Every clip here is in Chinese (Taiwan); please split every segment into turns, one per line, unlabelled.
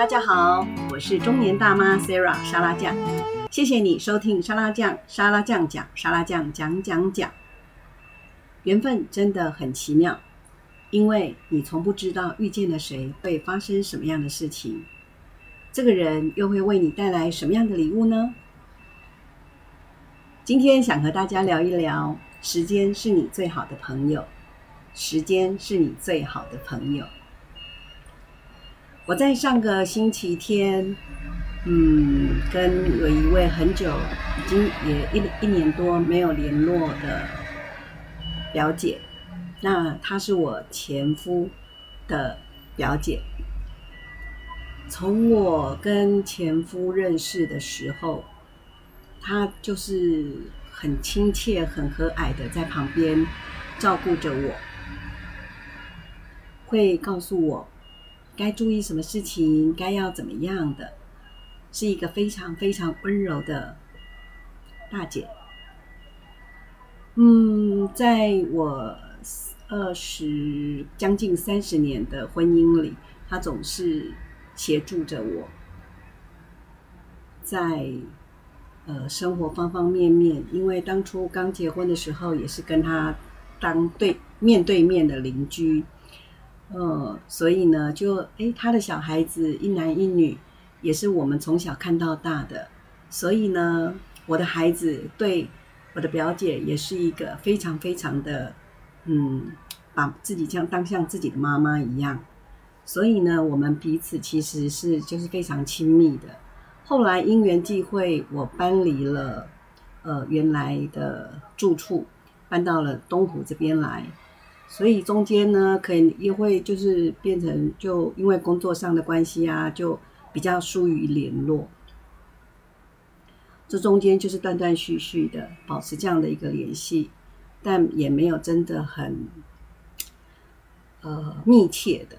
大家好，我是中年大媽 Sarah 沙拉醬。謝謝你收聽沙拉醬沙拉醬講沙拉醬講講講，講。緣分真的很奇妙，因為你從不知道遇見了誰會發生什麼樣的事情，這個人又會為你帶來什麼樣的禮物呢？今天想和大家聊一聊，時間是你最好的朋友，時間是你最好的朋友。我在上個星期天，嗯，跟有一位很久已經也一一年多沒有聯絡的表姐，那她是我前夫的表姐。從我跟前夫認識的時候，她就是很親切、很和藹的在旁邊照顧着我，會告訴我。該注意什麼事情，該要怎麼樣的，是一個非常非常溫柔的大姐。嗯，在我二十將近三十年的婚姻裡，她總是協助着我在，在呃生活方方面面。因為當初剛結婚的時候，也是跟她當對面對面的鄰居。呃、嗯，所以呢，就誒，他的小孩子一男一女，也是我們從小看到大的。所以呢，我的孩子對我的表姐也是一個非常非常的，嗯，把自己像當像自己的媽媽一樣。所以呢，我們彼此其實是就是非常親密的。後來因緣際會，我搬離了呃原來的住處，搬到了東湖這邊來。所以中間呢，可能也會就是變成，就因為工作上的關係啊，就比較疏於聯絡。這中間就是斷斷續續的，保持這樣的一個聯繫，但也沒有真的很，呃，密切的。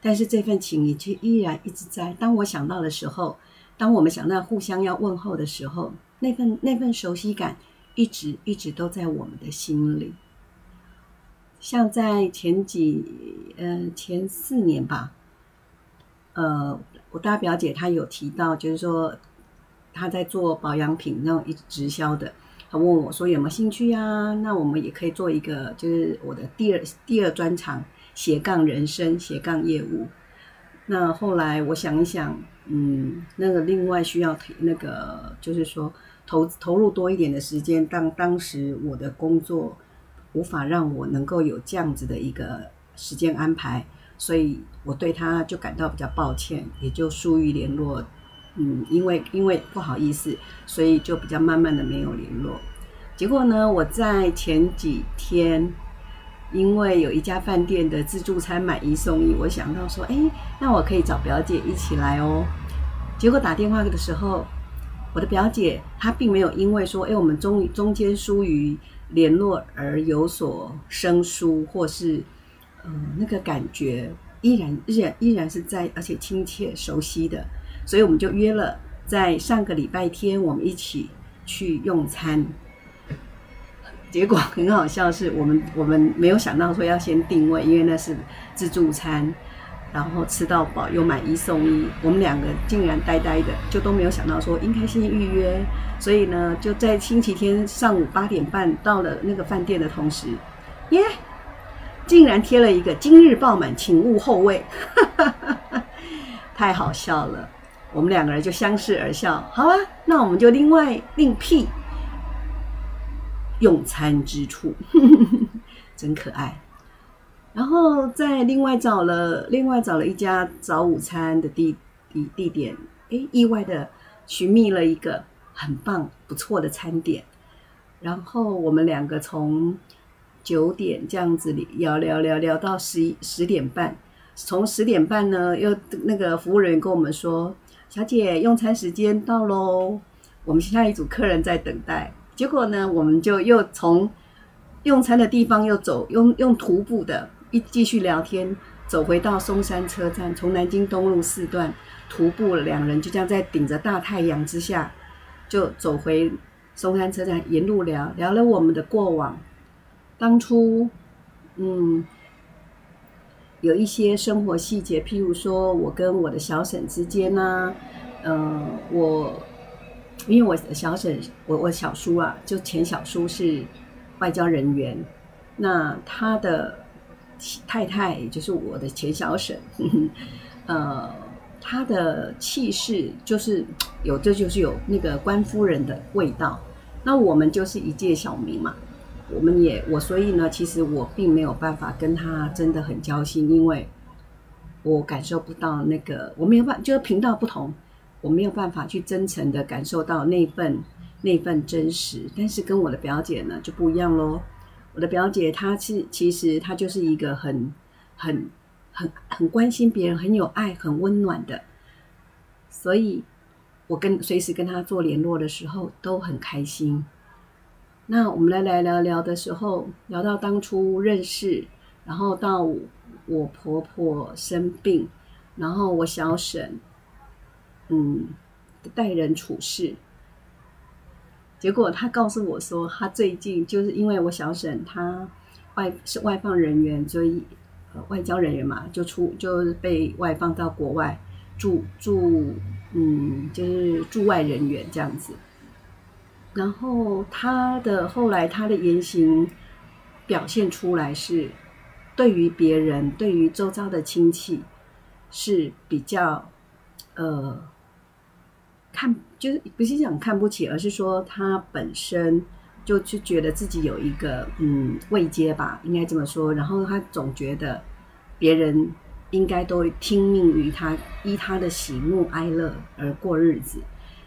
但是這份情誼卻依然一直在。當我想到的時候，當我們想到互相要問候的時候，那份，那份熟悉感一直，一直都在我們的心裡。像在前幾嗯前四年吧，呃，我大表姐她有提到，就是說她在做保養品那種直銷的，她問我說有沒有興趣呀、啊？那我們也可以做一個，就是我的第二第二專長斜槓人生斜槓業務。那後來我想一想，嗯，那個另外需要提那個，就是說投投入多一點的時間，當當時我的工作。無法讓我能夠有這樣子的一個時間安排，所以我對她就感到比較抱歉，也就疏於聯絡，嗯，因為因為不好意思，所以就比較慢慢的沒有聯絡。結果呢，我在前幾天，因為有一家飯店的自助餐買一送一，我想到說，哎，那我可以找表姐一起來哦。結果打電話的時候，我的表姐她並沒有因為說，哎，我們中中間疏於。聯絡而有所生疏，或是，呃、嗯，那個感覺依然依然依然是在，而且親切熟悉的，所以我們就約了，在上個禮拜天我們一起去用餐。結果很好笑，是我們我們沒有想到說要先定位，因為那是自助餐。然後吃到飽又買一送一，我們兩個竟然呆呆的，就都沒有想到說應該先預約。所以呢，就在星期天上午八點半到了那個飯店的同時，耶、yeah!，竟然貼了一個今日爆滿，請勿候位， 太好笑了。我們兩個人就相視而笑。好吧、啊，那我們就另外另闢用餐之處， 真可愛。然後在另外找了另外找了一家早午餐的地地地點，誒，意外的尋覓了一個很棒不錯的餐點。然後我們兩個從九點這樣子聊聊聊聊到十一十點半，從十點半呢又那個服務人員跟我們說：“小姐，用餐時間到嘍，我們下一組客人在等待。”結果呢，我們就又從用餐的地方又走，用用徒步的。一繼續聊天，走回到松山車站，從南京東路四段徒步，兩人就這樣在頂着大太陽之下，就走回松山車站，沿路聊，聊了我們的過往。當初，嗯，有一些生活細節，譬如說我跟我的小嬸之間呢、啊，嗯、呃，我因為我小嬸，我我小叔啊，就前小叔是外交人員，那他的。太太，也就是我的前小嬸呵呵，呃，她的氣勢就是有，這就，就是有那個官夫人的味道。那我們就是一介小民嘛，我們也我所以呢，其實我並沒有辦法跟她真的很交心，因為我感受不到那個，我沒有辦，就是頻道不同，我沒有辦法去真誠的感受到那份那份真實。但是跟我的表姐呢就不一樣嘍。我的表姐，她是其實她就是一個很、很、很、很關心別人，很有愛、很溫暖的，所以我跟隨時跟她做聯絡的時候都很開心。那我們來來聊聊的時候，聊到當初認識，然後到我婆婆生病，然後我小嬸，嗯，待人處事。結果他告訴我說，他最近就是因為我小沈，他外是外放人員，所以外交人員嘛，就出就是被外放到國外駐駐嗯，就是駐外人員這樣子。然後他的後來他的言行表現出來是，對於別人，對於周遭的親戚是比較呃看。就是不是想看不起，而是說他本身就就覺得自己有一個，嗯，位階吧，應該這麼說。然後他總覺得別人應該都聽命於他，依他的喜怒哀樂而過日子。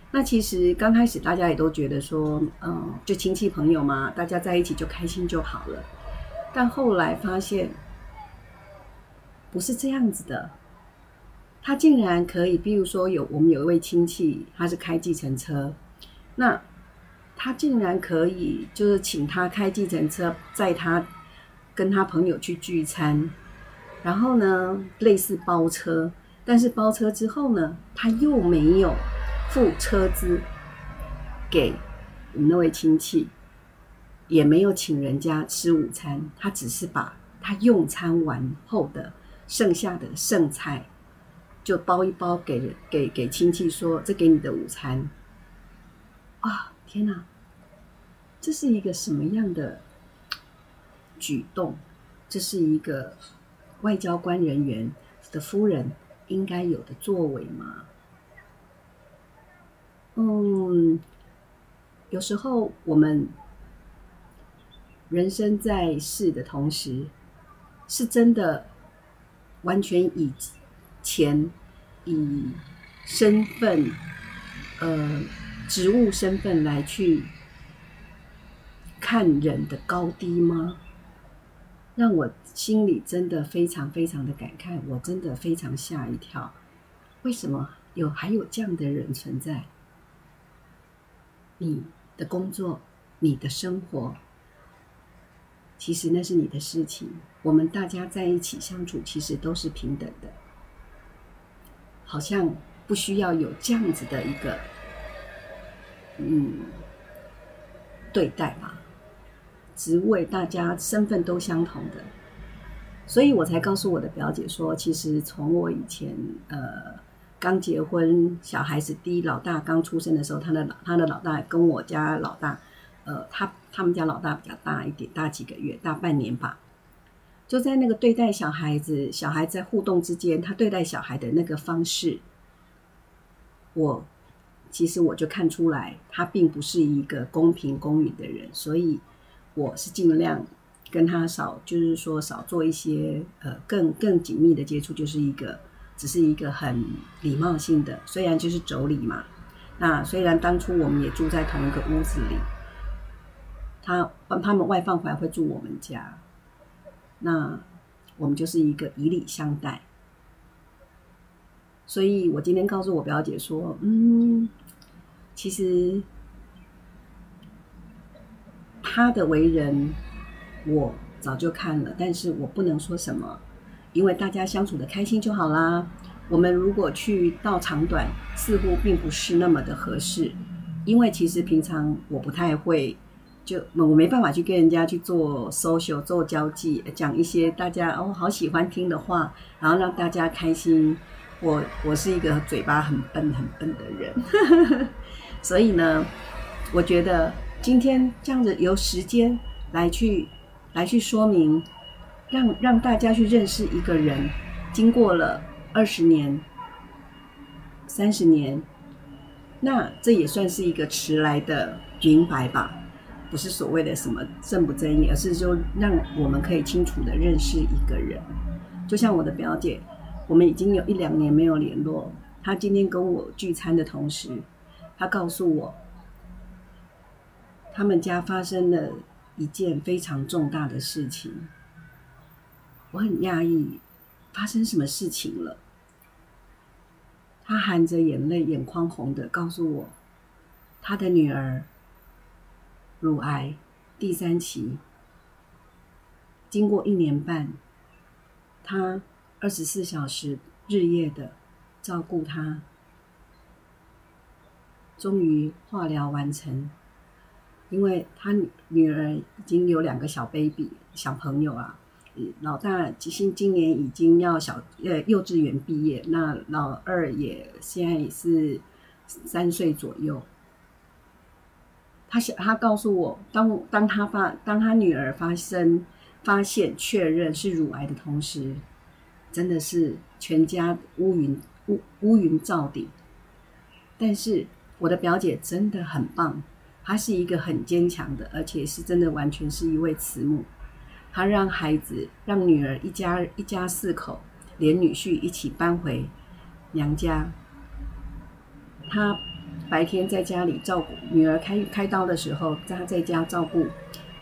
那其實剛開始大家也都覺得說，嗯，就親戚朋友嘛，大家在一起就開心就好了。但後來發現不是這樣子的。他竟然可以，比如說有我們有一位親戚，他是開計程車，那他竟然可以就是請他開計程車載他跟他朋友去聚餐，然後呢，類似包車，但是包車之後呢，他又沒有付車資給我們那位親戚，也沒有請人家吃午餐，他只是把他用餐完後的剩下的剩菜。就包一包給給給親戚說，這給你的午餐。啊，天哪！這是一個什麼樣的舉動？這是一個外交官人員的夫人應該有的作為嗎？嗯，有時候我們人生在世的同時，是真的完全以。錢以身份，呃，職務身份來去看人的高低嗎？讓我心裡真的非常非常的感慨，我真的非常嚇一跳。為什麼有還有這樣的人存在？你的工作，你的生活，其實那是你的事情。我們大家在一起相處，其實都是平等的。好像不需要有這樣子的一個嗯對待吧，職位大家身份都相同的，所以我才告訴我的表姐說，其實從我以前呃剛結婚，小孩子第一老大剛出生的時候，他的老他的老大跟我家老大，呃，他他們家老大比較大一點，大幾個月，大半年吧。就在那個對待小孩子、小孩在互動之間，他對待小孩的那個方式，我其實我就看出來，他並不是一個公平公允的人，所以我是儘量跟他少，就是說少做一些呃更更緊密的接觸，就是一個只是一個很禮貌性的，雖然就是妯娌嘛。那雖然當初我們也住在同一個屋子裡，他他們外放回來會住我們家。那我們就是一個以禮相待，所以我今天告訴我表姐說，嗯，其實他的為人我早就看了，但是我不能說什麼，因為大家相處得開心就好啦。我們如果去道長短，似乎並不是那麼的合適，因為其實平常我不太會。就我沒辦法去跟人家去做 social 做交際，講一些大家哦好喜歡聽的話，然後讓大家開心。我我是一個嘴巴很笨很笨的人， 所以呢，我覺得今天這樣子由時間來去來去說明，讓讓大家去認識一個人，經過了二十年、三十年，那這也算是一個遲來的明白吧。不是所謂的什麼正不正義，而是就讓我們可以清楚的認識一個人。就像我的表姐，我們已經有一兩年沒有聯絡。她今天跟我聚餐的同時，她告訴我，他們家發生了一件非常重大的事情。我很訝異，發生什麼事情了？她含着眼淚，眼眶紅的告訴我，她的女兒。乳癌第三期，經過一年半，他二十四小時日夜的照顧他，終於化療完成。因為他女兒已經有兩個小 baby 小朋友啊，老大即興今年已經要小，呃，幼稚園畢業，那老二也現在也是三歲左右。他他告訴我，當當他發當他女兒發生發現確認是乳癌的同時，真的是全家烏雲烏烏雲罩頂。但是我的表姐真的很棒，她是一個很堅強的，而且是真的完全是一位慈母。她讓孩子讓女兒一家一家四口連女婿一起搬回娘家。她。白天在家裡照顧女兒開開刀的時候，他在家照顧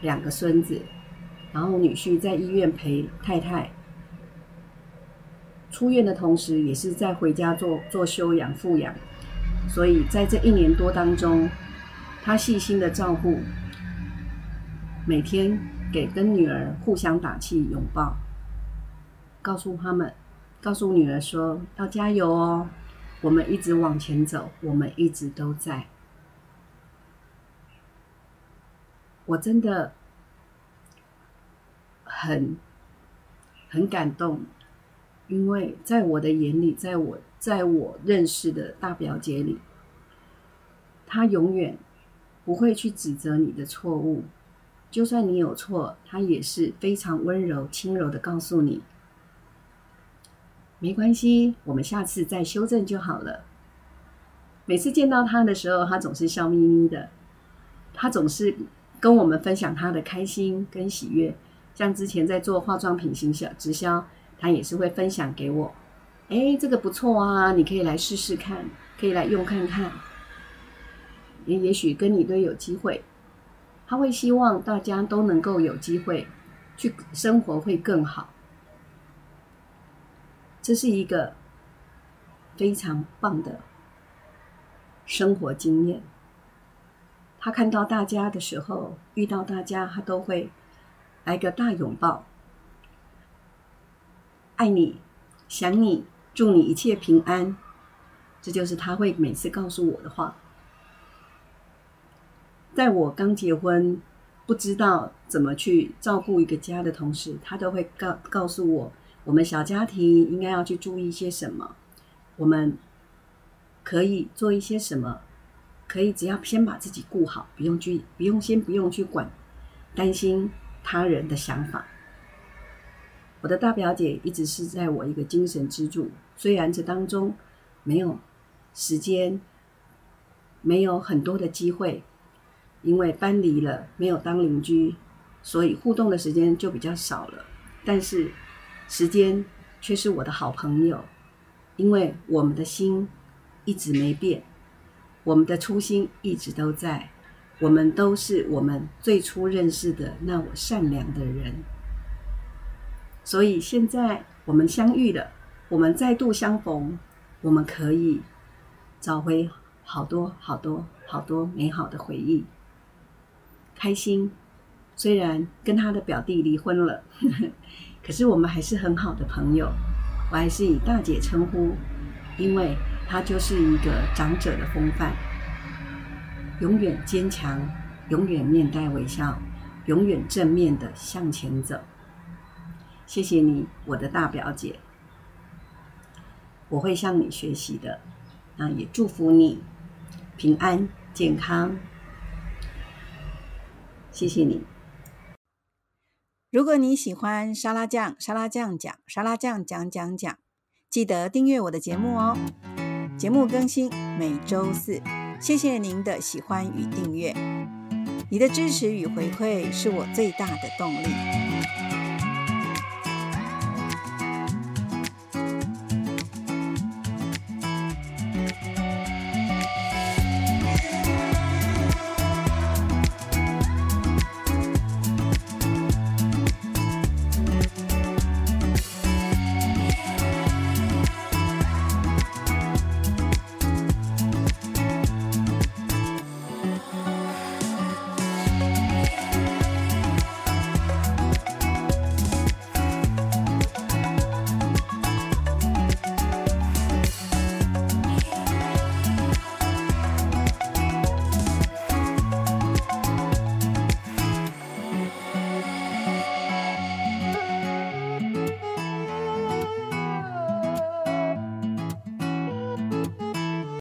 兩個孫子，然後女婿在醫院陪太太。出院的同時，也是在回家做做休養復養。所以在這一年多當中，他細心的照顧，每天給跟女兒互相打氣、擁抱，告訴他們，告訴女兒說要加油哦。我們一直往前走，我們一直都在。我真的很很感動，因為在我的眼裡，在我在我認識的大表姐裡，她永遠不會去指責你的錯誤，就算你有錯，她也是非常溫柔、輕柔的告訴你。沒關係，我們下次再修正就好了。每次見到他的時候，他總是笑眯眯的，他總是跟我們分享他的開心跟喜悅。像之前在做化妝品行銷直銷，他也是會分享給我。哎、欸，這個不錯啊，你可以來試試看，可以來用看看。也也許跟你都有機會，他會希望大家都能夠有機會去生活會更好。這是一個非常棒的生活經驗。他看到大家的時候，遇到大家，他都會來個大擁抱，愛你，想你，祝你一切平安。這就是他會每次告訴我的話。在我剛結婚，不知道怎麼去照顧一個家的同時，他都會告告訴我，我們小家庭應該要去注意一些什麼？我們可以做一些什麼？可以只要先把自己顧好，不用去，不用先不用去管，擔心他人的想法。我的大表姐一直是在我一個精神支柱，雖然這當中沒有時間，沒有很多的機會，因為搬離了，沒有當鄰居，所以互動的時間就比較少了，但是。時間卻是我的好朋友，因為我們的心一直沒變，我們的初心一直都在，我們都是我們最初認識的那個善良的人，所以現在我們相遇了，我們再度相逢，我們可以找回好多好多好多美好的回憶，開心。雖然跟他的表弟離婚了，呵呵，可是我們還是很好的朋友，我還是以大姐稱呼，因為他就是一個長者的風範，永遠堅強，永遠面帶微笑，永遠正面的向前走。謝謝你，我的大表姐，我會向你學習的，啊，也祝福你平安健康，謝謝你。如果你喜歡沙拉醬，沙拉醬講沙拉醬講講講，記得訂閱我的節目哦。節目更新每周四，謝謝您的喜歡與訂閱，你的支持與回饋是我最大的動力。